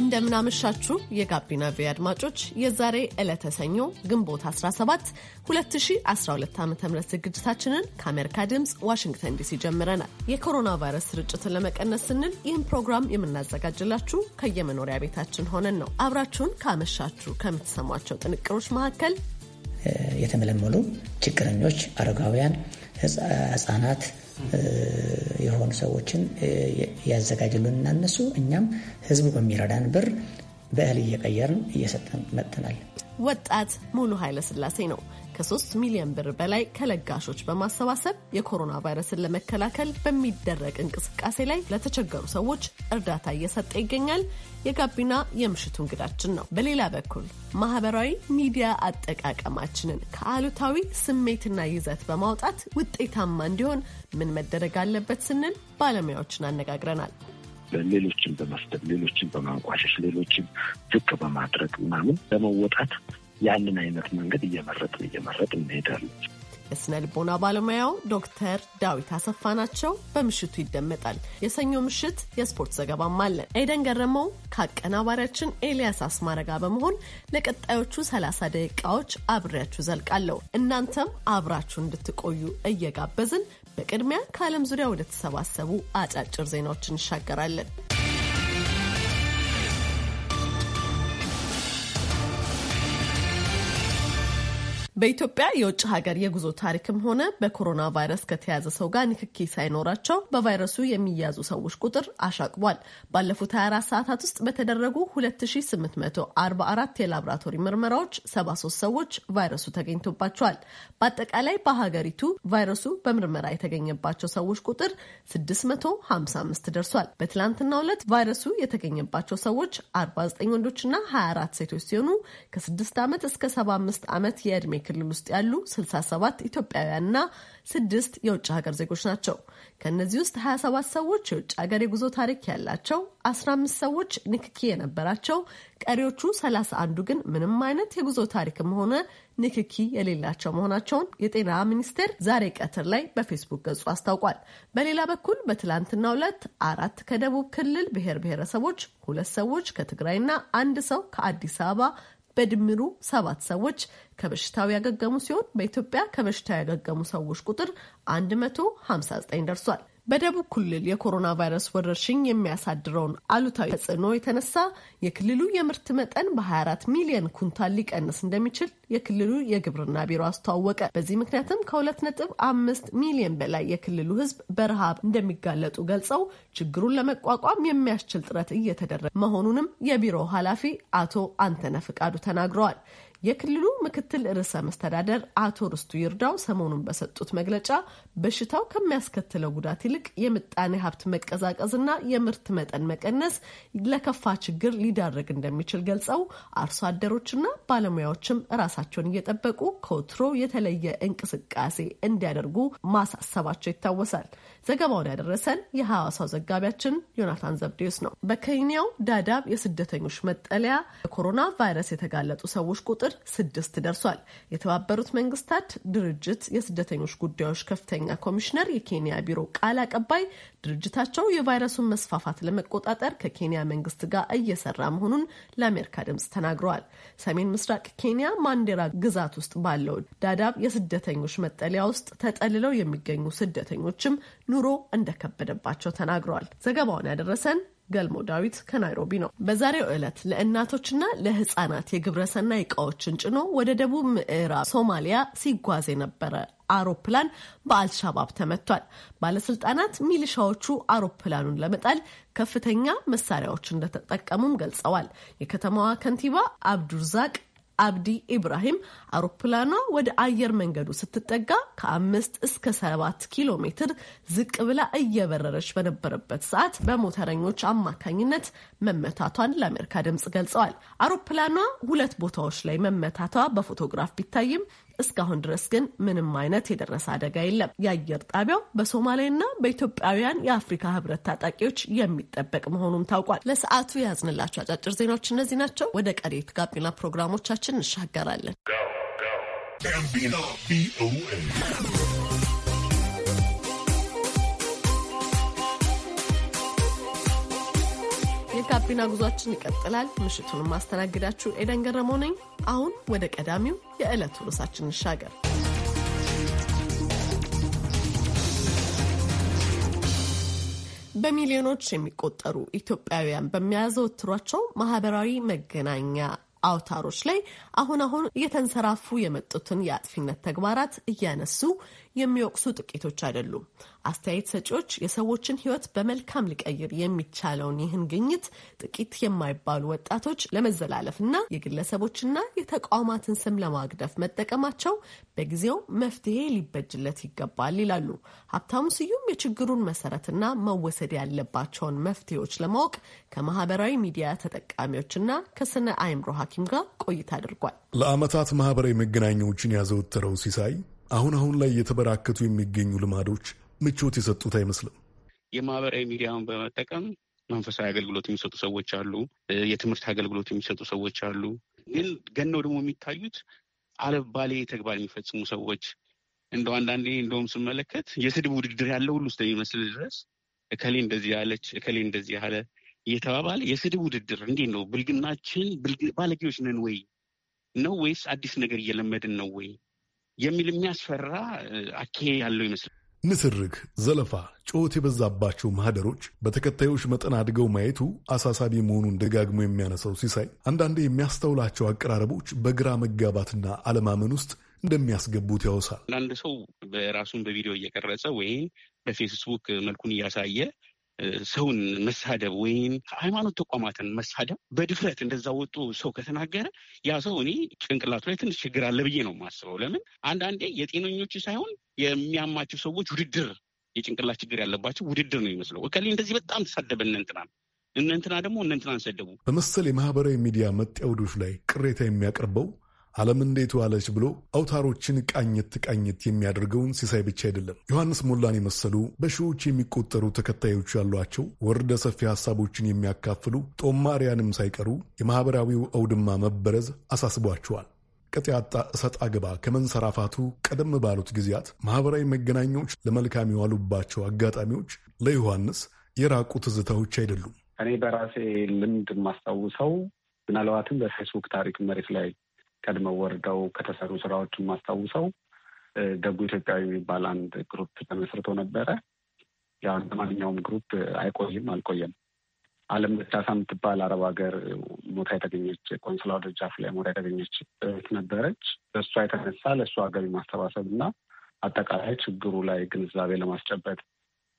እንደምናመሻችሁ የጋቢና ቪ አድማጮች የዛሬ ዕለተ ሰኞ ግንቦት 17 2012 ዓ ም ዝግጅታችንን ከአሜሪካ ድምፅ ዋሽንግተን ዲሲ ጀምረናል። የኮሮና ቫይረስ ስርጭትን ለመቀነስ ስንል ይህን ፕሮግራም የምናዘጋጅላችሁ ከየመኖሪያ ቤታችን ሆነን ነው። አብራችሁን ካመሻችሁ ከምትሰሟቸው ጥንቅሮች መካከል የተመለመሉ ችግረኞች፣ አረጋውያን፣ ህጻናት የሆኑ ሰዎችን ያዘጋጅሉንና እነሱ እኛም ህዝቡ በሚረዳን ብር በእህል እየቀየርን እየሰጠን መጥተናል። ወጣት ሙሉ ኃይለስላሴ ነው ከ3 ሚሊዮን ብር በላይ ከለጋሾች በማሰባሰብ የኮሮና ቫይረስን ለመከላከል በሚደረግ እንቅስቃሴ ላይ ለተቸገሩ ሰዎች እርዳታ እየሰጠ ይገኛል። የጋቢና የምሽቱ እንግዳችን ነው። በሌላ በኩል ማህበራዊ ሚዲያ አጠቃቀማችንን ከአሉታዊ ስሜትና ይዘት በማውጣት ውጤታማ እንዲሆን ምን መደረግ አለበት ስንል ባለሙያዎችን አነጋግረናል። ሌሎችን በመስደብ ሌሎችን በማንቋሸሽ ሌሎችን ዝቅ በማድረግ ምናምን ለመወጣት ያንን አይነት መንገድ እየመረጥ እየመረጥ እንሄዳለን። የስነ ልቦና ባለሙያው ዶክተር ዳዊት አሰፋ ናቸው። በምሽቱ ይደመጣል። የሰኞ ምሽት የስፖርት ዘገባም አለን። ኤደን ገረመው ከአቀናባሪያችን ኤልያስ አስማረጋ በመሆን ለቀጣዮቹ 30 ደቂቃዎች አብሬያችሁ ዘልቃለሁ። እናንተም አብራችሁ እንድትቆዩ እየጋበዝን በቅድሚያ ከዓለም ዙሪያ ወደተሰባሰቡ አጫጭር ዜናዎች እንሻገራለን። በኢትዮጵያ የውጭ ሀገር የጉዞ ታሪክም ሆነ በኮሮና ቫይረስ ከተያዘ ሰው ጋር ንክኪ ሳይኖራቸው በቫይረሱ የሚያዙ ሰዎች ቁጥር አሻቅቧል። ባለፉት 24 ሰዓታት ውስጥ በተደረጉ 2844 የላብራቶሪ ምርመራዎች 73 ሰዎች ቫይረሱ ተገኝቶባቸዋል። በአጠቃላይ በሀገሪቱ ቫይረሱ በምርመራ የተገኘባቸው ሰዎች ቁጥር 655 ደርሷል። በትላንትናው ዕለት ቫይረሱ የተገኘባቸው ሰዎች 49 ወንዶችና 24 ሴቶች ሲሆኑ ከ6 ዓመት እስከ 75 ዓመት የዕድሜ ክልል ውስጥ ያሉ 67 ኢትዮጵያውያንና ስድስት የውጭ ሀገር ዜጎች ናቸው። ከእነዚህ ውስጥ 27 ሰዎች የውጭ ሀገር የጉዞ ታሪክ ያላቸው፣ 15 ሰዎች ንክኪ የነበራቸው፣ ቀሪዎቹ 31ዱ ግን ምንም አይነት የጉዞ ታሪክም ሆነ ንክኪ የሌላቸው መሆናቸውን የጤና ሚኒስቴር ዛሬ ቀትር ላይ በፌስቡክ ገጹ አስታውቋል። በሌላ በኩል በትላንትናው ዕለት አራት ከደቡብ ክልል ብሔር ብሔረሰቦች፣ ሁለት ሰዎች ከትግራይና አንድ ሰው ከአዲስ አበባ በድምሩ ሰባት ሰዎች ከበሽታው ያገገሙ ሲሆን በኢትዮጵያ ከበሽታው ያገገሙ ሰዎች ቁጥር 159 ደርሷል። በደቡብ ክልል የኮሮና ቫይረስ ወረርሽኝ የሚያሳድረውን አሉታዊ ተጽዕኖ የተነሳ የክልሉ የምርት መጠን በ24 ሚሊዮን ኩንታል ሊቀንስ እንደሚችል የክልሉ የግብርና ቢሮ አስተዋወቀ። በዚህ ምክንያትም ከ2.5 ሚሊዮን በላይ የክልሉ ሕዝብ በረሃብ እንደሚጋለጡ ገልጸው ችግሩን ለመቋቋም የሚያስችል ጥረት እየተደረገ መሆኑንም የቢሮው ኃላፊ አቶ አንተነ ፍቃዱ ተናግረዋል። የክልሉ ምክትል ርዕሰ መስተዳደር አቶ ርስቱ ይርዳው ሰሞኑን በሰጡት መግለጫ በሽታው ከሚያስከትለው ጉዳት ይልቅ የምጣኔ ሀብት መቀዛቀዝና የምርት መጠን መቀነስ ለከፋ ችግር ሊዳረግ እንደሚችል ገልጸው አርሶ አደሮችና ባለሙያዎችም ራሳቸውን እየጠበቁ ከወትሮ የተለየ እንቅስቃሴ እንዲያደርጉ ማሳሰባቸው ይታወሳል። ዘገባውን ያደረሰን የሐዋሳው ዘጋቢያችን ዮናታን ዘብዴዎስ ነው። በኬንያው ዳዳብ የስደተኞች መጠለያ ኮሮና ቫይረስ የተጋለጡ ሰዎች ቁጥር ቁጥር ስድስት ደርሷል። የተባበሩት መንግስታት ድርጅት የስደተኞች ጉዳዮች ከፍተኛ ኮሚሽነር የኬንያ ቢሮ ቃል አቀባይ ድርጅታቸው የቫይረሱን መስፋፋት ለመቆጣጠር ከኬንያ መንግስት ጋር እየሰራ መሆኑን ለአሜሪካ ድምፅ ተናግረዋል። ሰሜን ምስራቅ ኬንያ ማንዴራ ግዛት ውስጥ ባለው ዳዳብ የስደተኞች መጠለያ ውስጥ ተጠልለው የሚገኙ ስደተኞችም ኑሮ እንደከበደባቸው ተናግረዋል። ዘገባውን ያደረሰን ገልሞ ዳዊት ከናይሮቢ ነው። በዛሬው ዕለት ለእናቶችና ለህፃናት የግብረሰናይ እቃዎችን ጭኖ ወደ ደቡብ ምዕራብ ሶማሊያ ሲጓዝ የነበረ አውሮፕላን በአልሻባብ ተመቷል። ባለስልጣናት ሚሊሻዎቹ አውሮፕላኑን ለመጣል ከፍተኛ መሳሪያዎች እንደተጠቀሙም ገልጸዋል። የከተማዋ ከንቲባ አብዱርዛቅ አብዲ ኢብራሂም አውሮፕላኗ ወደ አየር መንገዱ ስትጠጋ ከአምስት እስከ ሰባት ኪሎ ሜትር ዝቅ ብላ እየበረረች በነበረበት ሰዓት በሞተረኞች አማካኝነት መመታቷን ለአሜሪካ ድምጽ ገልጸዋል። አውሮፕላኗ ሁለት ቦታዎች ላይ መመታቷ በፎቶግራፍ ቢታይም እስካሁን ድረስ ግን ምንም አይነት የደረሰ አደጋ የለም። የአየር ጣቢያው በሶማሌና በኢትዮጵያውያን የአፍሪካ ህብረት ታጣቂዎች የሚጠበቅ መሆኑም ታውቋል። ለሰዓቱ የያዝንላቸው አጫጭር ዜናዎች እነዚህ ናቸው። ወደ ቀሪት ጋቢና ፕሮግራሞቻችን እንሻገራለን። ጋቢና ጉዟችን ይቀጥላል። ምሽቱን ማስተናግዳችሁ ኤደን ገረመው ነኝ። አሁን ወደ ቀዳሚው የዕለቱ ርዕሳችን እንሻገር። በሚሊዮኖች የሚቆጠሩ ኢትዮጵያውያን በሚያዘወትሯቸው ማህበራዊ መገናኛ አውታሮች ላይ አሁን አሁን እየተንሰራፉ የመጡትን የአጥፊነት ተግባራት እያነሱ የሚወቅሱ ጥቂቶች አይደሉም። አስተያየት ሰጪዎች የሰዎችን ሕይወት በመልካም ሊቀይር የሚቻለውን ይህን ግኝት ጥቂት የማይባሉ ወጣቶች ለመዘላለፍና የግለሰቦችና የተቋማትን ስም ለማግደፍ መጠቀማቸው በጊዜው መፍትሄ ሊበጅለት ይገባል ይላሉ። ሀብታሙ ስዩም የችግሩን መሰረትና መወሰድ ያለባቸውን መፍትሄዎች ለማወቅ ከማህበራዊ ሚዲያ ተጠቃሚዎችና ከስነ አይምሮ ሐኪም ጋር ቆይታ አድርጓል። ለአመታት ማህበራዊ መገናኛዎችን ያዘወተረው ሲሳይ አሁን አሁን ላይ የተበራከቱ የሚገኙ ልማዶች ምቾት የሰጡት አይመስልም። የማህበራዊ ሚዲያውን በመጠቀም መንፈሳዊ አገልግሎት የሚሰጡ ሰዎች አሉ። የትምህርት አገልግሎት የሚሰጡ ሰዎች አሉ። ግን ገነው ደግሞ የሚታዩት አለባሌ ተግባር የሚፈጽሙ ሰዎች እንደው አንዳንዴ እንደውም ስመለከት የስድብ ውድድር ያለው ሁሉ ስለሚመስል ድረስ እከሌ እንደዚህ ያለች እከሌ እንደዚህ ያለ እየተባባለ የስድብ ውድድር እንዴት ነው? ብልግናችን ባለጌዎች ነን ወይ ነው ወይስ አዲስ ነገር እየለመድን ነው ወይ የሚል የሚያስፈራ አካሄድ ያለው ይመስላል። ንትርክ፣ ዘለፋ፣ ጩኸት የበዛባቸው ማህደሮች በተከታዮች መጠን አድገው ማየቱ አሳሳቢ መሆኑን ደጋግሞ የሚያነሳው ሲሳይ አንዳንዴ የሚያስተውላቸው አቀራረቦች በግራ መጋባትና አለማመን ውስጥ እንደሚያስገቡት ያውሳል። አንዳንድ ሰው በራሱን በቪዲዮ እየቀረጸ ወይም በፌስቡክ መልኩን እያሳየ ሰውን መሳደብ ወይም ሃይማኖት ተቋማትን መሳደብ በድፍረት እንደዛ ወጡ ሰው ከተናገረ ያ ሰው እኔ ጭንቅላቱ ላይ ትንሽ ችግር አለ ብዬ ነው የማስበው። ለምን አንዳንዴ የጤነኞች ሳይሆን የሚያማቸው ሰዎች ውድድር፣ የጭንቅላት ችግር ያለባቸው ውድድር ነው ይመስለው። እከሌ እንደዚህ በጣም ተሳደበ እነንትናል እነንትና ደግሞ እነንትናን ሰደቡ በመሰል የማህበራዊ ሚዲያ መጤ አውዶች ላይ ቅሬታ የሚያቀርበው ዓለም እንዴት ዋለች ብሎ አውታሮችን ቃኘት ቃኘት የሚያደርገውን ሲሳይ ብቻ አይደለም። ዮሐንስ ሞላን የመሰሉ በሺዎች የሚቆጠሩ ተከታዮች ያሏቸው ወርደ ሰፊ ሀሳቦችን የሚያካፍሉ ጦማሪያንም ሳይቀሩ የማኅበራዊው አውድማ መበረዝ አሳስቧቸዋል። ቅጥ ያጣ እሰጥ አገባ ከመንሰራፋቱ ቀደም ባሉት ጊዜያት ማኅበራዊ መገናኛዎች ለመልካም የዋሉባቸው አጋጣሚዎች ለዮሐንስ የራቁ ትዝታዎች አይደሉም። እኔ በራሴ ልምድ የማስታውሰው ምናልባትም በፌስቡክ ታሪክ መሬት ላይ ቀድመው ወርደው ከተሰሩ ስራዎችን ማስታውሰው ደጉ ኢትዮጵያዊ የሚባል አንድ ግሩፕ ተመስርቶ ነበረ። ያው እንደማንኛውም ግሩፕ አይቆይም አልቆየም። አለም ደቻሳ የምትባል አረብ ሀገር ሞታ የተገኘች ቆንስላ ደጃፍ ላይ ሞታ የተገኘች እህት ነበረች። በእሷ የተነሳ ለእሷ ገቢ ማሰባሰብ እና አጠቃላይ ችግሩ ላይ ግንዛቤ ለማስጨበጥ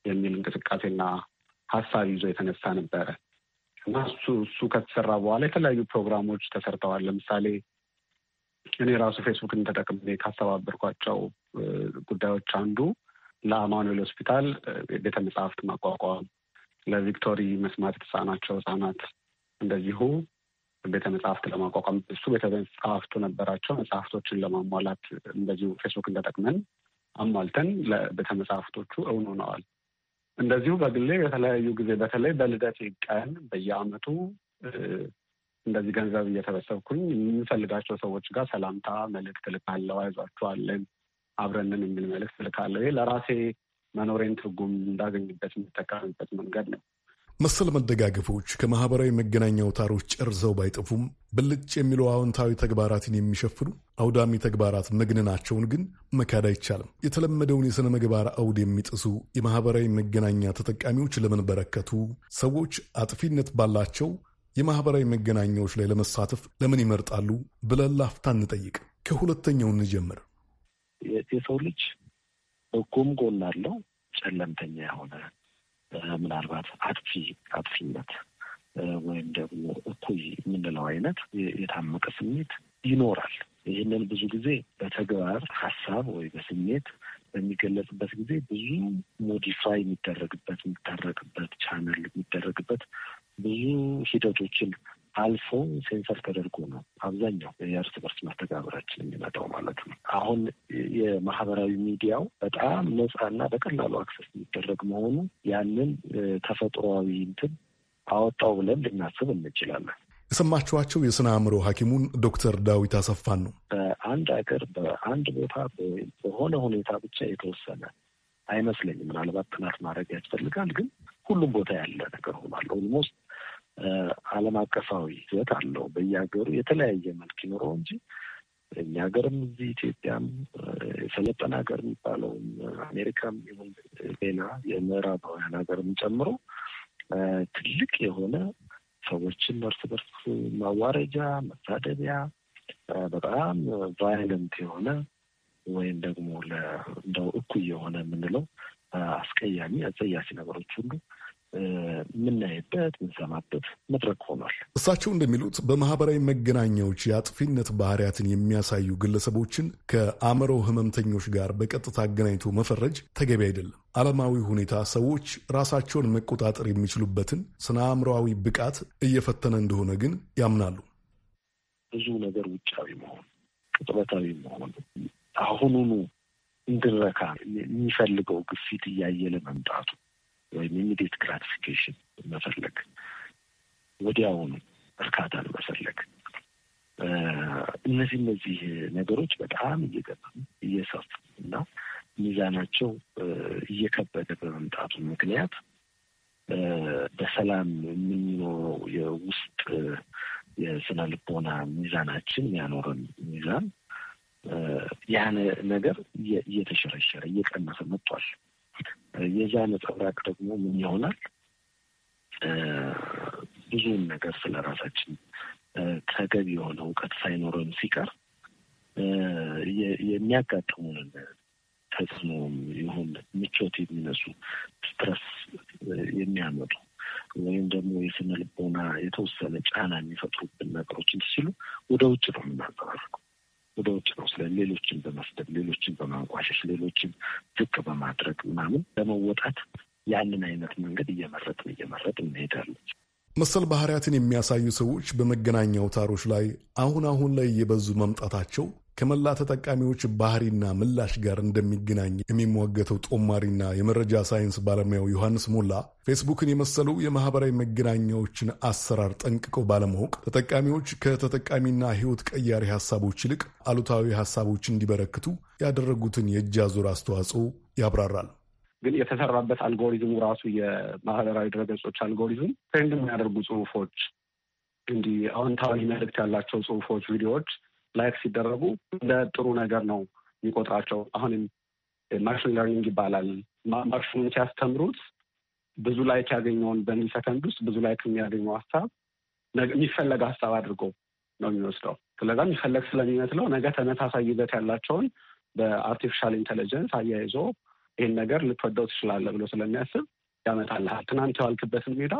የሚል እንቅስቃሴና ሀሳብ ይዞ የተነሳ ነበረ እና እሱ እሱ ከተሰራ በኋላ የተለያዩ ፕሮግራሞች ተሰርተዋል። ለምሳሌ እኔ ራሱ ፌስቡክን ተጠቅሜ ካስተባበርኳቸው ጉዳዮች አንዱ ለአማኑኤል ሆስፒታል ቤተ መጽሐፍት ማቋቋም፣ ለቪክቶሪ መስማት የተሳናቸው ህጻናት እንደዚሁ ቤተ መጽሐፍት ለማቋቋም እሱ ቤተ መጽሐፍቱ ነበራቸው መጽሐፍቶችን ለማሟላት እንደዚሁ ፌስቡክን ተጠቅመን አሟልተን ለቤተ መጽሐፍቶቹ እውን ሆነዋል። እንደዚሁ በግሌ በተለያዩ ጊዜ በተለይ በልደት ቀን በየአመቱ እንደዚህ ገንዘብ እየሰበሰብኩኝ የምንፈልጋቸው ሰዎች ጋር ሰላምታ መልእክት ልካለው፣ አይዟችኋለን፣ አብረንን የሚል መልእክት ልካለው ይ ለራሴ መኖሬን ትርጉም እንዳገኝበት የምጠቀምበት መንገድ ነው። መሰል መደጋገፎች ከማህበራዊ መገናኛ አውታሮች ጨርሰው ባይጠፉም ብልጭ የሚለው አዎንታዊ ተግባራትን የሚሸፍኑ አውዳሚ ተግባራት መግንናቸውን ግን መካድ አይቻልም። የተለመደውን የሥነ ምግባር አውድ የሚጥሱ የማህበራዊ መገናኛ ተጠቃሚዎች ለምን በረከቱ? ሰዎች አጥፊነት ባላቸው የማኅበራዊ መገናኛዎች ላይ ለመሳተፍ ለምን ይመርጣሉ ብለን ላፍታ እንጠይቅ። ከሁለተኛው እንጀምር። የሰው ልጅ በጎም ጎን አለው፣ ጨለምተኛ የሆነ ምናልባት አጥፊ አጥፊነት ወይም ደግሞ እኩይ የምንለው አይነት የታመቀ ስሜት ይኖራል። ይህንን ብዙ ጊዜ በተግባር ሀሳብ ወይ በስሜት በሚገለጽበት ጊዜ ብዙ ሞዲፋይ የሚደረግበት የሚታረቅበት ቻነል የሚደረግበት ብዙ ሂደቶችን አልፎ ሴንሰር ተደርጎ ነው አብዛኛው የእርስ በርስ መስተጋብራችን የሚመጣው ማለት ነው። አሁን የማህበራዊ ሚዲያው በጣም ነፃና በቀላሉ አክሰስ የሚደረግ መሆኑ ያንን ተፈጥሯዊ እንትን አወጣው ብለን ልናስብ እንችላለን። የሰማችኋቸው የስነ አእምሮ ሐኪሙን ዶክተር ዳዊት አሰፋን ነው። በአንድ ሀገር በአንድ ቦታ በሆነ ሁኔታ ብቻ የተወሰነ አይመስለኝም። ምናልባት ጥናት ማድረግ ያስፈልጋል፣ ግን ሁሉም ቦታ ያለ ነገር ሆኗል ኦልሞስት ዓለም አቀፋዊ ይዘት አለው። በየሀገሩ የተለያየ መልክ ይኖረው እንጂ እኛ ሀገርም እዚህ ኢትዮጵያም የሰለጠነ ሀገር የሚባለውም አሜሪካም ይሁን ሌላ የምዕራባውያን ሀገርም ጨምሮ ትልቅ የሆነ ሰዎችን እርስ በርስ ማዋረጃ፣ መሳደቢያ በጣም ቫይለንት የሆነ ወይም ደግሞ እንደው እኩይ የሆነ የምንለው አስቀያሚ አጸያፊ ነገሮች ሁሉ የምናይበት የምንሰማበት መድረክ ሆኗል። እሳቸው እንደሚሉት በማህበራዊ መገናኛዎች የአጥፊነት ባህሪያትን የሚያሳዩ ግለሰቦችን ከአእምሮ ህመምተኞች ጋር በቀጥታ አገናኝቶ መፈረጅ ተገቢ አይደለም። ዓለማዊ ሁኔታ ሰዎች ራሳቸውን መቆጣጠር የሚችሉበትን ስነ አእምሮዊ ብቃት እየፈተነ እንደሆነ ግን ያምናሉ። ብዙ ነገር ውጫዊ መሆን ቅጥበታዊ መሆን አሁኑኑ እንድረካ የሚፈልገው ግፊት እያየለ መምጣቱ ወይም ኢሚዲየት ግራቲፊኬሽን መፈለግ፣ ወዲያውኑ እርካታን መፈለግ እነዚህ እነዚህ ነገሮች በጣም እየገባ እየሰፉ እና ሚዛናቸው እየከበደ በመምጣቱ ምክንያት በሰላም የምንኖረው የውስጥ የስነ ልቦና ሚዛናችን ያኖረን ሚዛን ያ ነገር እየተሸረሸረ እየቀነሰ መጥቷል። የዛ ነጸብራቅ ደግሞ ምን ይሆናል? ብዙውን ነገር ስለ ራሳችን ተገቢ የሆነ እውቀት ሳይኖረን ሲቀር የሚያጋጥሙንን ተጽዕኖም ይሁን ምቾት የሚነሱ ስትረስ የሚያመጡ ወይም ደግሞ የስነ ልቦና የተወሰነ ጫና የሚፈጥሩብን ነገሮችን ሲሉ ወደ ውጭ ነው የምናንጸባርቀው። ወደ ውጭ ነው ስለ ሌሎችን በመስደብ ሌሎችን በማንቋሸሽ ሌሎችን ዝቅ በማድረግ ምናምን ለመወጣት ያንን አይነት መንገድ እየመረጥን እየመረጥን እንሄዳለን። መሰል ባህሪያትን የሚያሳዩ ሰዎች በመገናኛ አውታሮች ላይ አሁን አሁን ላይ የበዙ መምጣታቸው ከመላ ተጠቃሚዎች ባህሪና ምላሽ ጋር እንደሚገናኝ የሚሟገተው ጦማሪና የመረጃ ሳይንስ ባለሙያው ዮሐንስ ሞላ ፌስቡክን የመሰሉ የማህበራዊ መገናኛዎችን አሰራር ጠንቅቆ ባለማወቅ ተጠቃሚዎች ከተጠቃሚና ሕይወት ቀያሪ ሀሳቦች ይልቅ አሉታዊ ሀሳቦች እንዲበረክቱ ያደረጉትን የእጅ አዙር አስተዋጽኦ ያብራራል። ግን የተሰራበት አልጎሪዝሙ ራሱ የማህበራዊ ድረገጾች አልጎሪዝም ትሬንድ የሚያደርጉ ጽሁፎች እንዲህ አዎንታዊ መልእክት ያላቸው ጽሁፎች፣ ቪዲዮዎች ላይክ ሲደረጉ እንደ ጥሩ ነገር ነው የሚቆጥራቸው። አሁንም ማሽን ለርኒንግ ይባላል። ማሽኑን ሲያስተምሩት ብዙ ላይክ ያገኘውን በሚል ሰከንድ ውስጥ ብዙ ላይክ የሚያገኘው ሀሳብ የሚፈለግ ሀሳብ አድርጎ ነው የሚወስደው። ስለዛ የሚፈለግ ስለሚመስለው ነገ ተመሳሳይ ይዘት ያላቸውን በአርቲፊሻል ኢንቴሊጀንስ አያይዞ ይህን ነገር ልትወደው ትችላለ ብሎ ስለሚያስብ ያመጣልሃል። ትናንት የዋልክበትን ሜዳ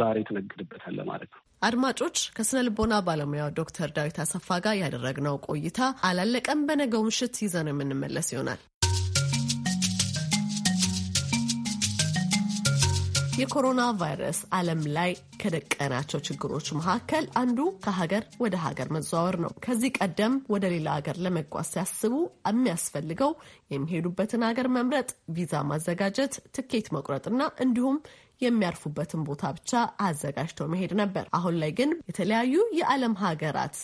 ዛሬ ትነግድበታለ ማለት ነው። አድማጮች ከስነ ልቦና ባለሙያው ዶክተር ዳዊት አሰፋ ጋር ያደረግነው ቆይታ አላለቀም። በነገው ምሽት ይዘን የምንመለስ ይሆናል። የኮሮና ቫይረስ ዓለም ላይ ከደቀናቸው ችግሮች መካከል አንዱ ከሀገር ወደ ሀገር መዘዋወር ነው። ከዚህ ቀደም ወደ ሌላ ሀገር ለመጓዝ ሲያስቡ የሚያስፈልገው የሚሄዱበትን ሀገር መምረጥ፣ ቪዛ ማዘጋጀት፣ ትኬት መቁረጥና እንዲሁም የሚያርፉበትን ቦታ ብቻ አዘጋጅተው መሄድ ነበር። አሁን ላይ ግን የተለያዩ የዓለም ሀገራት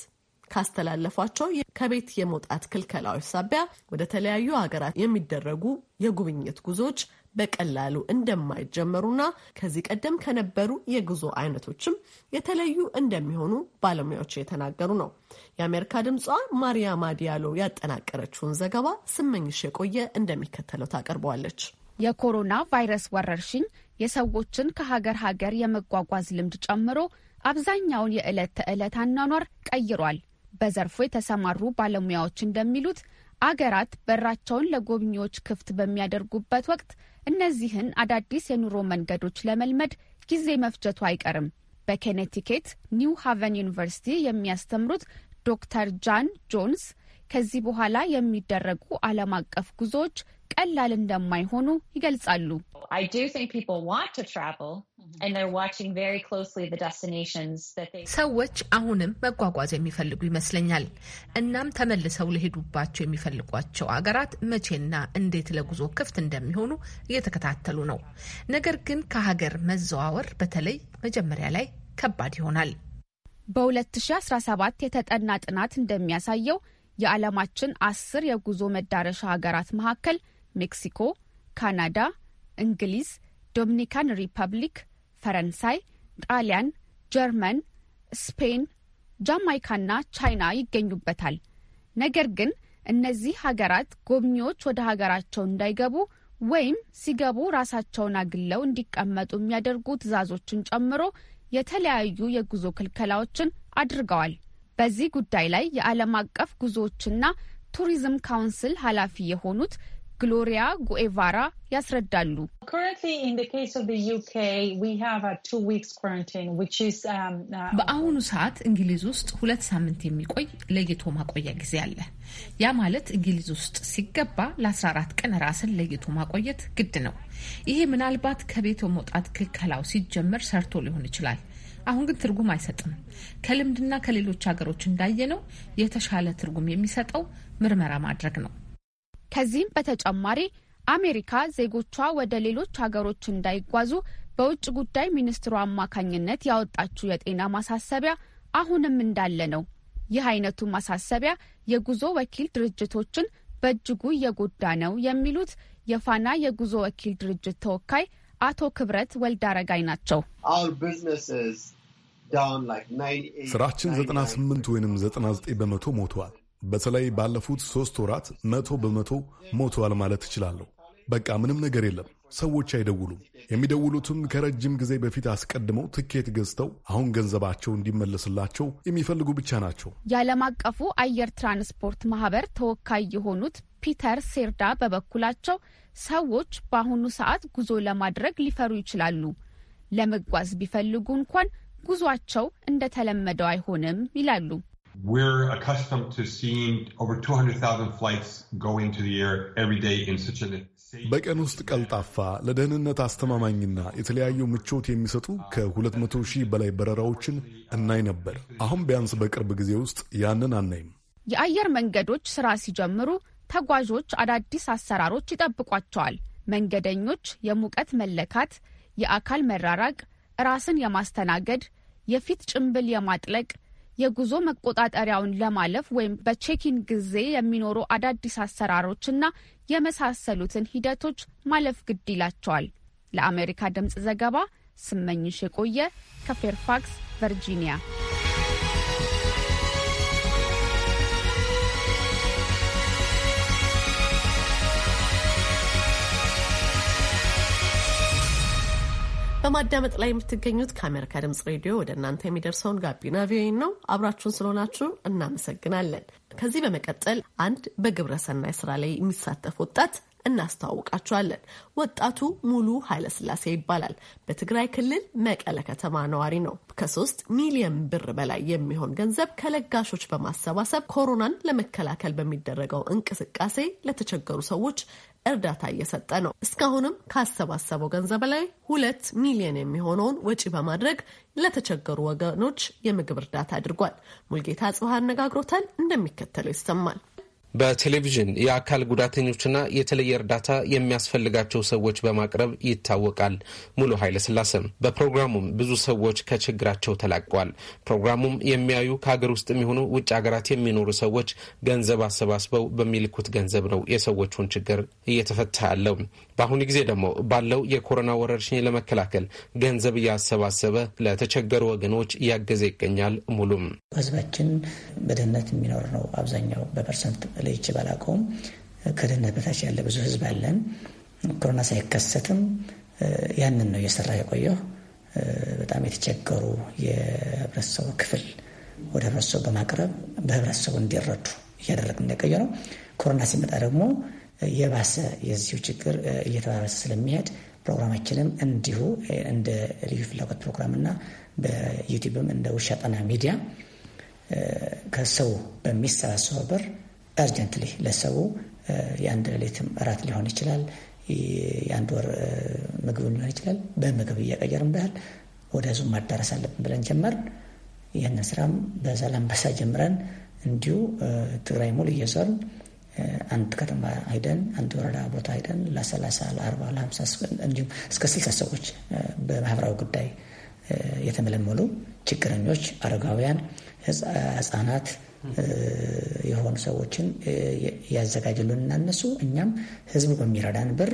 ካስተላለፏቸው ከቤት የመውጣት ክልከላዎች ሳቢያ ወደ ተለያዩ ሀገራት የሚደረጉ የጉብኝት ጉዞዎች በቀላሉ እንደማይጀመሩና ከዚህ ቀደም ከነበሩ የጉዞ አይነቶችም የተለዩ እንደሚሆኑ ባለሙያዎች የተናገሩ ነው። የአሜሪካ ድምጿ ማሪያ ማዲያሎ ያጠናቀረችውን ዘገባ ስመኝሽ የቆየ እንደሚከተለው ታቀርበዋለች። የኮሮና ቫይረስ ወረርሽኝ የሰዎችን ከሀገር ሀገር የመጓጓዝ ልምድ ጨምሮ አብዛኛውን የዕለት ተዕለት አኗኗር ቀይሯል። በዘርፉ የተሰማሩ ባለሙያዎች እንደሚሉት አገራት በራቸውን ለጎብኚዎች ክፍት በሚያደርጉበት ወቅት እነዚህን አዳዲስ የኑሮ መንገዶች ለመልመድ ጊዜ መፍጀቱ አይቀርም። በኬኔቲኬት ኒው ሃቨን ዩኒቨርሲቲ የሚያስተምሩት ዶክተር ጃን ጆንስ ከዚህ በኋላ የሚደረጉ ዓለም አቀፍ ጉዞዎች ቀላል እንደማይሆኑ ይገልጻሉ። mm-hmm. ሰዎች አሁንም መጓጓዝ የሚፈልጉ ይመስለኛል። እናም ተመልሰው ለሄዱባቸው የሚፈልጓቸው አገራት መቼና እንዴት ለጉዞ ክፍት እንደሚሆኑ እየተከታተሉ ነው። ነገር ግን ከሀገር መዘዋወር በተለይ መጀመሪያ ላይ ከባድ ይሆናል። በ2017 የተጠና ጥናት እንደሚያሳየው የዓለማችን አስር የጉዞ መዳረሻ ሀገራት መካከል ሜክሲኮ፣ ካናዳ፣ እንግሊዝ፣ ዶሚኒካን ሪፐብሊክ፣ ፈረንሳይ፣ ጣሊያን፣ ጀርመን፣ ስፔን፣ ጃማይካና ቻይና ይገኙበታል። ነገር ግን እነዚህ ሀገራት ጎብኚዎች ወደ ሀገራቸው እንዳይገቡ ወይም ሲገቡ ራሳቸውን አግለው እንዲቀመጡ የሚያደርጉ ትዕዛዞችን ጨምሮ የተለያዩ የጉዞ ክልከላዎችን አድርገዋል። በዚህ ጉዳይ ላይ የዓለም አቀፍ ጉዞዎችና ቱሪዝም ካውንስል ኃላፊ የሆኑት ግሎሪያ ጉኤቫራ ያስረዳሉ። um, uh, በአሁኑ ሰዓት እንግሊዝ ውስጥ ሁለት ሳምንት የሚቆይ ለይቶ ማቆያ ጊዜ አለ። ያ ማለት እንግሊዝ ውስጥ ሲገባ ለ14 ቀን ራስን ለይቶ ማቆየት ግድ ነው። ይሄ ምናልባት ከቤት መውጣት ክልከላው ሲጀመር ሰርቶ ሊሆን ይችላል። አሁን ግን ትርጉም አይሰጥም። ከልምድና ከሌሎች ሀገሮች እንዳየነው የተሻለ ትርጉም የሚሰጠው ምርመራ ማድረግ ነው። ከዚህም በተጨማሪ አሜሪካ ዜጎቿ ወደ ሌሎች ሀገሮች እንዳይጓዙ በውጭ ጉዳይ ሚኒስትሩ አማካኝነት ያወጣችው የጤና ማሳሰቢያ አሁንም እንዳለ ነው። ይህ አይነቱ ማሳሰቢያ የጉዞ ወኪል ድርጅቶችን በእጅጉ እየጎዳ ነው የሚሉት የፋና የጉዞ ወኪል ድርጅት ተወካይ አቶ ክብረት ወልድ አረጋይ ናቸው። ስራችን 98 ወይም 99 በመቶ ሞቷል። በተለይ ባለፉት ሶስት ወራት መቶ በመቶ ሞተዋል ማለት እችላለሁ። በቃ ምንም ነገር የለም። ሰዎች አይደውሉም። የሚደውሉትም ከረጅም ጊዜ በፊት አስቀድመው ትኬት ገዝተው አሁን ገንዘባቸው እንዲመለስላቸው የሚፈልጉ ብቻ ናቸው። የዓለም አቀፉ አየር ትራንስፖርት ማህበር ተወካይ የሆኑት ፒተር ሴርዳ በበኩላቸው ሰዎች በአሁኑ ሰዓት ጉዞ ለማድረግ ሊፈሩ ይችላሉ። ለመጓዝ ቢፈልጉ እንኳን ጉዟቸው እንደተለመደው አይሆንም ይላሉ። We're accustomed to seeing over 200,000 flights go into the air every day in such a በቀን ውስጥ ቀልጣፋ ለደህንነት አስተማማኝና የተለያዩ ምቾት የሚሰጡ ከ200 ሺህ በላይ በረራዎችን እናይ ነበር። አሁን ቢያንስ በቅርብ ጊዜ ውስጥ ያንን አናይም። የአየር መንገዶች ስራ ሲጀምሩ ተጓዦች አዳዲስ አሰራሮች ይጠብቋቸዋል። መንገደኞች የሙቀት መለካት፣ የአካል መራራቅ፣ ራስን የማስተናገድ፣ የፊት ጭንብል የማጥለቅ የጉዞ መቆጣጠሪያውን ለማለፍ ወይም በቼኪን ጊዜ የሚኖሩ አዳዲስ አሰራሮችና የመሳሰሉትን ሂደቶች ማለፍ ግድ ይላቸዋል። ለአሜሪካ ድምፅ ዘገባ ስመኝሽ የቆየ ከፌርፋክስ ቨርጂኒያ በማዳመጥ ላይ የምትገኙት ከአሜሪካ ድምጽ ሬዲዮ ወደ እናንተ የሚደርሰውን ጋቢና ቪኦኤ ነው። አብራችሁን ስለሆናችሁ እናመሰግናለን። ከዚህ በመቀጠል አንድ በግብረ ሰናይ ስራ ላይ የሚሳተፍ ወጣት እናስተዋውቃችኋለን። ወጣቱ ሙሉ ኃይለስላሴ ይባላል። በትግራይ ክልል መቀለ ከተማ ነዋሪ ነው። ከሶስት ሚሊዮን ብር በላይ የሚሆን ገንዘብ ከለጋሾች በማሰባሰብ ኮሮናን ለመከላከል በሚደረገው እንቅስቃሴ ለተቸገሩ ሰዎች እርዳታ እየሰጠ ነው። እስካሁንም ካሰባሰበው ገንዘብ ላይ ሁለት ሚሊዮን የሚሆነውን ወጪ በማድረግ ለተቸገሩ ወገኖች የምግብ እርዳታ አድርጓል። ሙልጌታ ጽሀ አነጋግሮታል፣ እንደሚከተለው ይሰማል። በቴሌቪዥን የአካል ጉዳተኞችና የተለየ እርዳታ የሚያስፈልጋቸው ሰዎች በማቅረብ ይታወቃል። ሙሉ ኃይለ ስላሴም በፕሮግራሙም ብዙ ሰዎች ከችግራቸው ተላቀዋል። ፕሮግራሙም የሚያዩ ከሀገር ውስጥ የሚሆኑ ውጭ ሀገራት የሚኖሩ ሰዎች ገንዘብ አሰባስበው በሚልኩት ገንዘብ ነው የሰዎቹን ችግር እየተፈታ ያለው። በአሁኑ ጊዜ ደግሞ ባለው የኮሮና ወረርሽኝ ለመከላከል ገንዘብ እያሰባሰበ ለተቸገሩ ወገኖች እያገዘ ይገኛል። ሙሉም ህዝባችን በድህነት የሚኖር ነው። አብዛኛው በፐርሰንት ለይቼ ባላውቀውም ከድህነት በታች ያለ ብዙ ህዝብ አለን። ኮሮና ሳይከሰትም ያንን ነው እየሰራ የቆየው። በጣም የተቸገሩ የህብረተሰቡ ክፍል ወደ ህብረተሰቡ በማቅረብ በህብረተሰቡ እንዲረዱ እያደረግ እንደቆየ ነው። ኮሮና ሲመጣ ደግሞ የባሰ የዚሁ ችግር እየተባባሰ ስለሚሄድ ፕሮግራማችንም እንዲሁ እንደ ልዩ ፍላጎት ፕሮግራምና በዩቲዩብም እንደ ውሻጠና ጠና ሚዲያ ከሰው በሚሰባሰበው ብር እርጀንትሊ ለሰው የአንድ ሌሊትም እራት ሊሆን ይችላል፣ የአንድ ወር ምግብ ሊሆን ይችላል። በምግብ እየቀየርን ባህል ወደ ህዝቡ ማዳረስ አለብን ብለን ጀመርን። ይህን ስራም በዛላምበሳ ጀምረን እንዲሁ ትግራይ ሙሉ እየዞርን አንድ ከተማ ሄደን አንድ ወረዳ ቦታ ሄደን ለሰላሳ ለአርባ ለሀምሳ እንዲሁም እስከ ስልሳ ሰዎች በማህበራዊ ጉዳይ የተመለመሉ ችግረኞች፣ አረጋውያን፣ ህፃናት የሆኑ ሰዎችን ያዘጋጅሉንና እነሱ እኛም ህዝቡ በሚረዳን ብር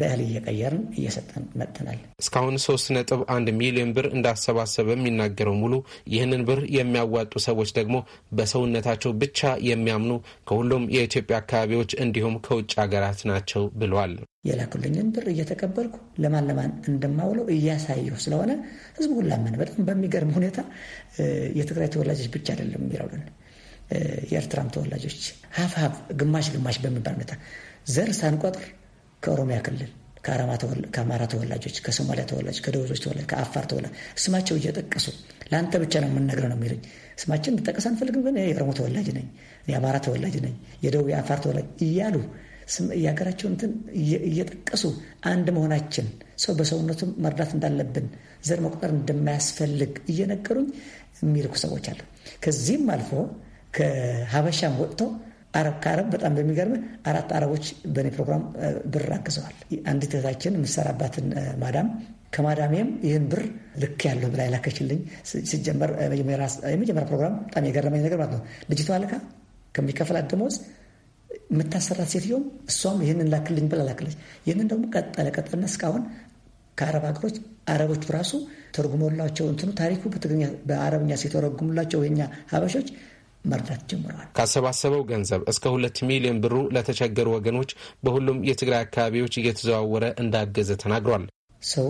በእህል እየቀየርን እየሰጠን መጥተናል። እስካሁን ሶስት ነጥብ አንድ ሚሊዮን ብር እንዳሰባሰበ የሚናገረው ሙሉ ይህንን ብር የሚያዋጡ ሰዎች ደግሞ በሰውነታቸው ብቻ የሚያምኑ ከሁሉም የኢትዮጵያ አካባቢዎች እንዲሁም ከውጭ ሀገራት ናቸው ብሏል። የላኩልኝን ብር እየተቀበልኩ ለማን ለማን እንደማውለው እያሳየሁ ስለሆነ ህዝቡ ሁላመን በጣም በሚገርም ሁኔታ የትግራይ ተወላጆች ብቻ አይደለም የሚረዱን የኤርትራም ተወላጆች ሀፍ ሀፍ ግማሽ ግማሽ በሚባል ሁኔታ ዘር ሳንቆጥር ከኦሮሚያ ክልል ከአማራ ተወላጆች፣ ከሶማሊያ ተወላጅ፣ ከደቡዞች ተወላጅ፣ ከአፋር ተወላጅ ስማቸው እየጠቀሱ ለአንተ ብቻ ነው የምንነግረው ነው የሚለኝ። ስማችን እንጠቀስ አንፈልግም፣ ግን የኦሮሞ ተወላጅ ነኝ፣ የአማራ ተወላጅ ነኝ፣ የደቡብ የአፋር ተወላጅ እያሉ የሀገራቸው እንትን እየጠቀሱ አንድ መሆናችን ሰው በሰውነቱ መርዳት እንዳለብን ዘር መቁጠር እንደማያስፈልግ እየነገሩኝ የሚልኩ ሰዎች አሉ። ከዚህም አልፎ ከሀበሻም ወጥቶ አረብ ከአረብ በጣም በሚገርም አራት አረቦች በእኔ ፕሮግራም ብር አግዘዋል። አንዲት እህታችን የምሰራባትን ማዳም ከማዳሜም ይህን ብር ልክ ያለሁ ብላ ላከችልኝ። ሲጀመር የመጀመሪያ ፕሮግራም በጣም የገረመኝ ነገር ማለት ነው ልጅቷ ልካ ከሚከፈላት ደሞዝ የምታሰራት ሴትዮም እሷም ይህንን ላክልኝ ብላ ላክለች። ይህንን ደግሞ ቀጠለ ቀጠልና እስካሁን ከአረብ ሀገሮች አረቦቹ ራሱ ተርጉሞላቸው እንትኑ ታሪኩ በትግርኛ በአረብኛ ሲተረጉሙላቸው የኛ ሀበሾች መርዳት ጀምረዋል። ካሰባሰበው ገንዘብ እስከ ሁለት ሚሊዮን ብሩ ለተቸገሩ ወገኖች በሁሉም የትግራይ አካባቢዎች እየተዘዋወረ እንዳገዘ ተናግሯል። ሰው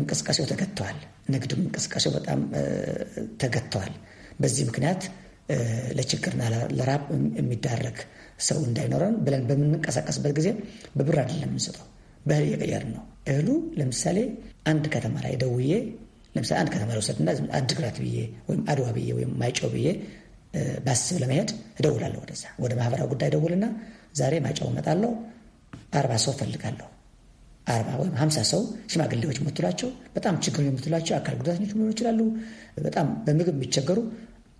እንቅስቃሴው ተገጥተዋል። ንግድም እንቅስቃሴው በጣም ተገጥተዋል። በዚህ ምክንያት ለችግርና ለራብ የሚዳረግ ሰው እንዳይኖረን ብለን በምንንቀሳቀስበት ጊዜ በብር አይደለም የምንሰጠው፣ በእህል እየቀየርን ነው። እህሉ ለምሳሌ አንድ ከተማ ላይ ደውዬ ለምሳሌ አንድ ከተማ ልውሰድና ግራት ብዬ ወይም አድዋ ብዬ ወይም ማይጨው ብዬ ባስብ ለመሄድ እደውላለሁ። ወደዛ ወደ ማህበራዊ ጉዳይ ደውልና ዛሬ ማይጨው እመጣለሁ፣ አርባ ሰው ፈልጋለሁ። አርባ ወይም ሀምሳ ሰው ሽማግሌዎች የምትሏቸው፣ በጣም ችግር የምትሏቸው፣ አካል ጉዳተኞች ሊሆኑ ይችላሉ፣ በጣም በምግብ የሚቸገሩ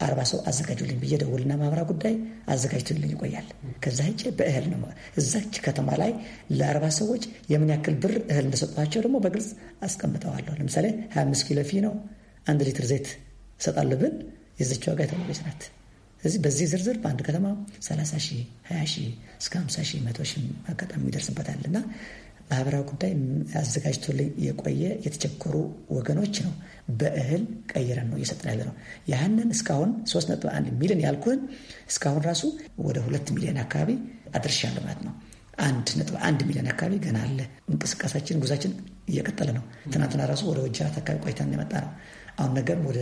አርባ ሰው አዘጋጁልኝ ብዬ ደውልና ማምራ ጉዳይ አዘጋጅቶልኝ ይቆያል። ከዛ ሄጄ በእህል ነው እዛች ከተማ ላይ ለአርባ ሰዎች የምን ያክል ብር እህል እንደሰጧቸው ደግሞ በግልጽ አስቀምጠዋለሁ። ለምሳሌ 25 ኪሎ ፊ ነው አንድ ሊትር ዘይት እሰጣለሁ ብን የዘች ዋጋ የታወቀች ናት። በዚህ ዝርዝር በአንድ ከተማ 30 ሺህ 20 ሺህ እስከ 50 ሺህ መቶ ሺህ አጋጣሚ ይደርስበታል እና ማህበራዊ ጉዳይ አዘጋጅቶልኝ የቆየ የተቸኮሩ ወገኖች ነው በእህል ቀይረን ነው እየሰጠን ያለ ነው። ያህንን እስካሁን 3.1 ሚሊዮን ያልኩህን እስካሁን ራሱ ወደ ሁለት ሚሊዮን አካባቢ አድርሻለሁ ማለት ነው። አንድ ነጥብ አንድ ሚሊዮን አካባቢ ገና አለ። እንቅስቃሴያችን ጉዛችን እየቀጠለ ነው። ትናንትና ራሱ ወደ ወጀራት አካባቢ ቆይተን የመጣ ነው። አሁን ነገርም ወደ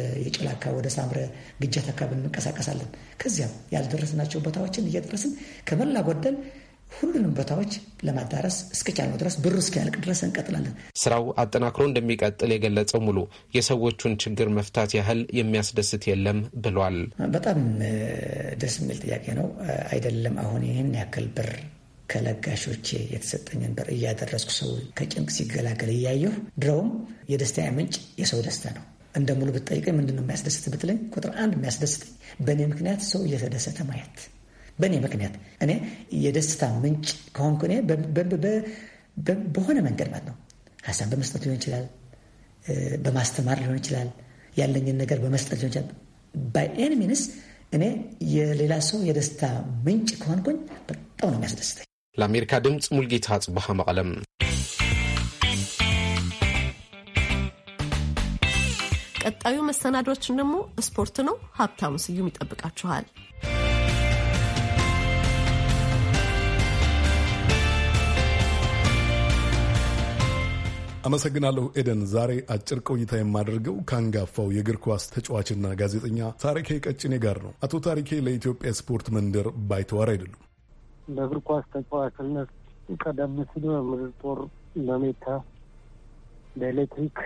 አካባቢ ወደ ሳምረ ግጃት አካባቢ እንንቀሳቀሳለን። ከዚያም ያልደረስናቸው ቦታዎችን እየደረስን ከመላ ጎደል ሁሉንም ቦታዎች ለማዳረስ እስከቻልነው ድረስ ብሩ እስኪያልቅ ድረስ እንቀጥላለን። ስራው አጠናክሮ እንደሚቀጥል የገለጸው ሙሉ የሰዎቹን ችግር መፍታት ያህል የሚያስደስት የለም ብሏል። በጣም ደስ የሚል ጥያቄ ነው አይደለም? አሁን ይህን ያክል ብር ከለጋሾቼ የተሰጠኝን ብር እያደረስኩ ሰው ከጭንቅ ሲገላገል እያየሁ ድረውም የደስታ ምንጭ የሰው ደስታ ነው። እንደ ሙሉ ብትጠይቀኝ ምንድነው የሚያስደስት ብትለኝ ቁጥር አንድ የሚያስደስተኝ በእኔ ምክንያት ሰው እየተደሰተ ማየት በእኔ ምክንያት እኔ የደስታ ምንጭ ከሆንኩ እኔ በሆነ መንገድ ማለት ነው ሀሳብ በመስጠት ሊሆን ይችላል፣ በማስተማር ሊሆን ይችላል፣ ያለኝን ነገር በመስጠት ሊሆን ይችላል። ባይ ኤኒ ሚንስ እኔ የሌላ ሰው የደስታ ምንጭ ከሆንኩኝ በጣም ነው የሚያስደስተኝ። ለአሜሪካ ድምፅ ሙልጌታ ጽብሃ መቀለም። ቀጣዩ መሰናዶችን ደግሞ ስፖርት ነው። ሀብታሙ ስዩም ይጠብቃችኋል። አመሰግናለሁ ኤደን። ዛሬ አጭር ቆይታ የማደርገው ከአንጋፋው የእግር ኳስ ተጫዋችና ጋዜጠኛ ታሪኬ ቀጭኔ ጋር ነው። አቶ ታሪኬ ለኢትዮጵያ ስፖርት መንደር ባይተዋር አይደሉም። ለእግር ኳስ ተጫዋችነት ቀደም ሲል በምድር ጦር፣ በሜታ፣ በኤሌክትሪክ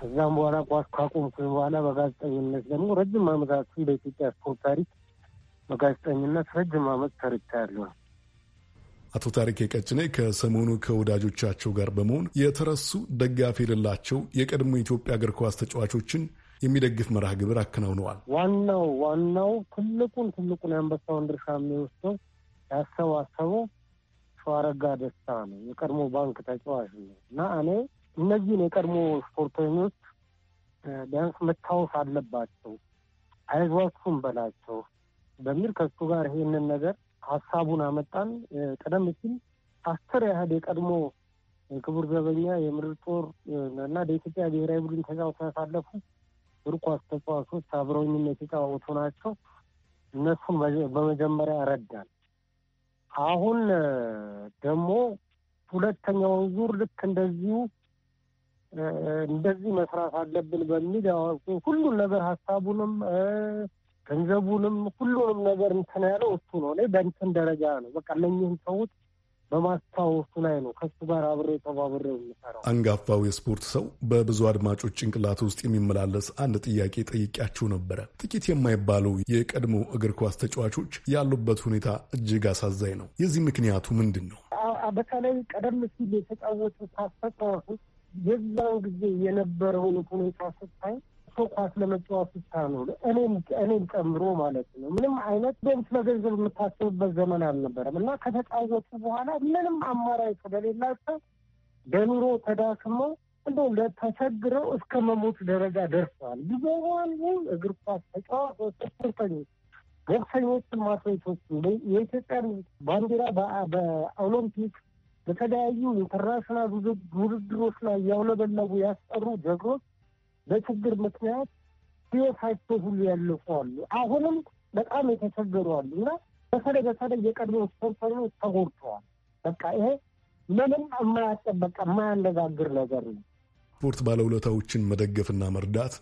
ከዛም በኋላ ኳስ ካቆምኩ በኋላ በጋዜጠኝነት ደግሞ ረጅም አመታት በኢትዮጵያ ስፖርት ታሪክ በጋዜጠኝነት ረጅም አመት ሰርቻለሁ። አቶ ታሪክ ቀጭኔ ከሰሞኑ ከወዳጆቻቸው ጋር በመሆን የተረሱ ደጋፊ የሌላቸው የቀድሞ የኢትዮጵያ እግር ኳስ ተጫዋቾችን የሚደግፍ መርሃ ግብር አከናውነዋል። ዋናው ዋናው ትልቁን ትልቁን የአንበሳውን ድርሻ የሚወስደው ያሰባሰበው ሸዋረጋ ደስታ ነው። የቀድሞ ባንክ ተጫዋች ነው እና እኔ እነዚህን የቀድሞ ስፖርተኞች ቢያንስ መታወስ አለባቸው፣ አይዟችሁም በላቸው በሚል ከሱ ጋር ይሄንን ነገር ሀሳቡን አመጣን። ቀደም ሲል አስር ያህል የቀድሞ ክቡር ዘበኛ የምድር ጦር እና ለኢትዮጵያ ብሔራዊ ቡድን ተጫውተው ያሳለፉ እግር ኳስ ተጫዋቾች አብረውኝም የተጫወቱ ናቸው። እነሱን በመጀመሪያ ረዳን። አሁን ደግሞ ሁለተኛው ዙር ልክ እንደዚሁ እንደዚህ መስራት አለብን በሚል ሁሉን ነገር ሀሳቡንም ገንዘቡንም ሁሉንም ነገር እንትን ያለው እሱ ነው። እኔ በእንትን ደረጃ ነው በቃ እነኝህን ሰዎች በማስታወሱ ላይ ነው ከሱ ጋር አብሬ ተባብሬው የሚሰራው። አንጋፋው የስፖርት ሰው በብዙ አድማጮች ጭንቅላት ውስጥ የሚመላለስ አንድ ጥያቄ ጠይቄያችሁ ነበረ። ጥቂት የማይባሉ የቀድሞ እግር ኳስ ተጫዋቾች ያሉበት ሁኔታ እጅግ አሳዛኝ ነው። የዚህ ምክንያቱ ምንድን ነው? በተለይ ቀደም ሲል የተጫወቱ አስተጫዋቾች የዛን ጊዜ የነበረውን ሁኔታ ስታይ ተነስቶ ኳስ ለመጫወት ብቻ ነው። እኔም እኔም ጨምሮ ማለት ነው። ምንም አይነት ደም ስለ የምታስብበት ዘመን አልነበረም እና ከተጫወቱ በኋላ ምንም አማራጭ ስለሌላቸው በኑሮ ተዳክመው እንደው ለተቸግረው እስከ መሞት ደረጃ ደርሰዋል። ብዙሀን እግር ኳስ ተጫዋቾች፣ ስፖርተኞች፣ ቦክሰኞችም አትሌቶች የኢትዮጵያን ባንዲራ በኦሎምፒክ በተለያዩ ኢንተርናሽናል ውድድሮች ላይ ያውለበለቡ ያስጠሩ ጀግሮች በችግር ምክንያት ህይወታቸው ሁሉ ያለፉ አሉ። አሁንም በጣም የተቸገሩ አሉ እና በተለይ በተለይ የቀድሞ ስፖርተኞች ተጎድተዋል። በቃ ይሄ ምንም የማያጠበቀ የማያነጋግር ነገር ነው። ስፖርት ባለውለታዎችን መደገፍና መርዳት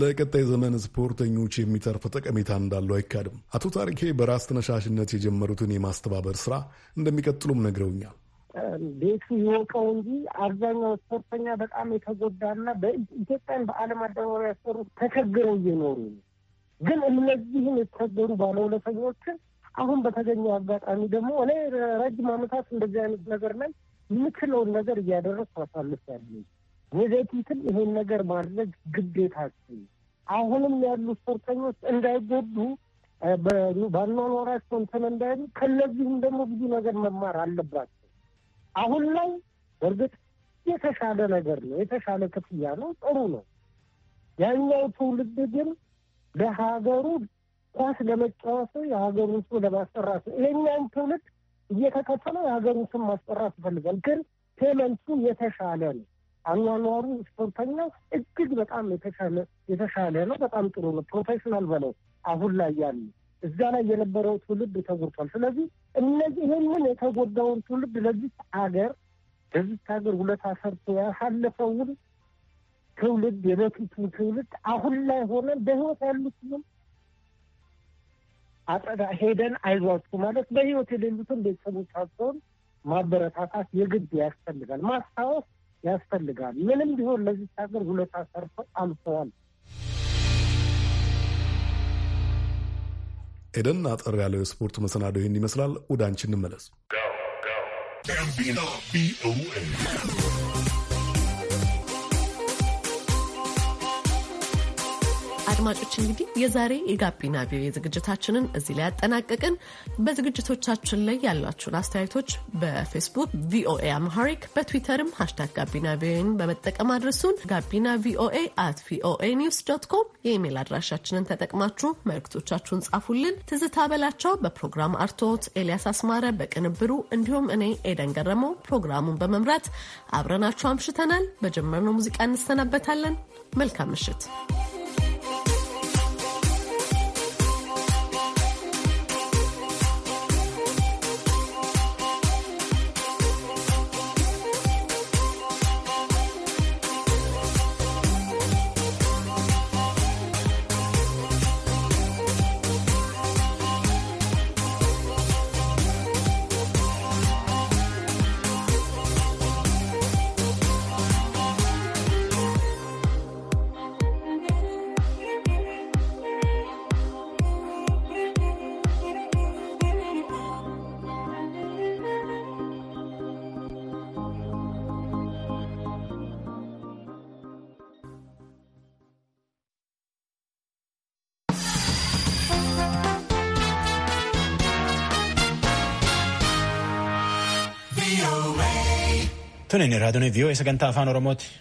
ለቀጣይ ዘመን ስፖርተኞች የሚተርፍ ጠቀሜታ እንዳለው አይካድም። አቶ ታሪኬ በራስ ተነሳሽነት የጀመሩትን የማስተባበር ስራ እንደሚቀጥሉም ነግረውኛል። ቤቱ ይወቀው እንጂ አብዛኛው ስፖርተኛ በጣም የተጎዳና በኢትዮጵያን በዓለም አደባባይ ያሰሩ ተቸግረው እየኖሩ ነው። ግን እነዚህን የተቸገሩ ባለሁለተኞችን አሁን በተገኘው አጋጣሚ ደግሞ እኔ ረጅም ዓመታት እንደዚህ አይነት ነገር ላይ የምችለውን ነገር እያደረግኩ አሳልፋለሁ። ወደፊትም ይሄን ነገር ማድረግ ግዴታችን አሁንም ያሉ ስፖርተኞች እንዳይጎዱ ባኗኗራቸው እንትን እንዳይሉ ከእነዚህም ደግሞ ብዙ ነገር መማር አለባቸው። አሁን ላይ በእርግጥ የተሻለ ነገር ነው፣ የተሻለ ክፍያ ነው፣ ጥሩ ነው። ያኛው ትውልድ ግን ለሀገሩ ኳስ ለመጫወት የሀገሩን ስም ለማስጠራት ነው። ይሄኛውን ትውልድ እየተከተለ የሀገሩን ስም ማስጠራት ይፈልጋል። ግን ፔመንቱ የተሻለ ነው። አኗኗሩ ስፖርተኛው እጅግ በጣም የተሻለ ነው። በጣም ጥሩ ነው። ፕሮፌሽናል በለው አሁን ላይ ያለው እዛ ላይ የነበረው ትውልድ ተጎድቷል። ስለዚህ እነዚህ ይህንን የተጎዳውን ትውልድ ለዚህ ሀገር ለዚህ ሀገር ሁለት አሰርቶ ያሳለፈውን ትውልድ የበፊቱ ትውልድ አሁን ላይ ሆነን በህይወት ያሉትንም አጠዳ ሄደን አይዟችሁ ማለት በህይወት የሌሉትን ቤተሰቦቻቸውን ማበረታታት የግድ ያስፈልጋል። ማስታወስ ያስፈልጋል። ምንም ቢሆን ለዚህ ሀገር ሁለት አሰርቶ አልፈዋል። ኤደን፣ አጠር ያለው የስፖርት መሰናዶ ይህን ይመስላል። ወደ አንቺ እንመለስ። አድማጮች እንግዲህ የዛሬ የጋቢና ቪዮ ዝግጅታችንን እዚህ ላይ ያጠናቀቅን። በዝግጅቶቻችን ላይ ያሏችሁን አስተያየቶች በፌስቡክ ቪኦኤ አምሃሪክ በትዊተርም ሃሽታግ ጋቢና ቪኦኤን በመጠቀም አድርሱን። ጋቢና ቪኦኤ አት ቪኦኤ ኒውስ ዶት ኮም የኢሜይል አድራሻችንን ተጠቅማችሁ መልእክቶቻችሁን ጻፉልን። ትዝታ በላቸው በፕሮግራም አርቶት፣ ኤልያስ አስማረ በቅንብሩ እንዲሁም እኔ ኤደን ገረመው ፕሮግራሙን በመምራት አብረናችሁ አምሽተናል። በጀመርነው ሙዚቃ እንሰናበታለን። መልካም ምሽት። Tunin raadiyoon vii'oo e sagantaa afaan Oromooti.